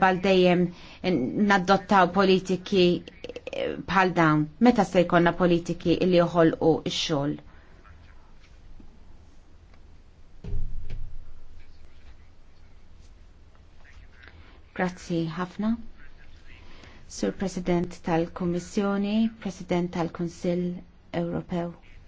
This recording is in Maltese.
bħal dejjem naddottaw politiki eh, bħal dawn. Meta se jkollna politiki li joħolqu x-xogħol? Grazzi ħafna. Sur President tal-Kommissjoni, President tal-Kunsill Ewropew.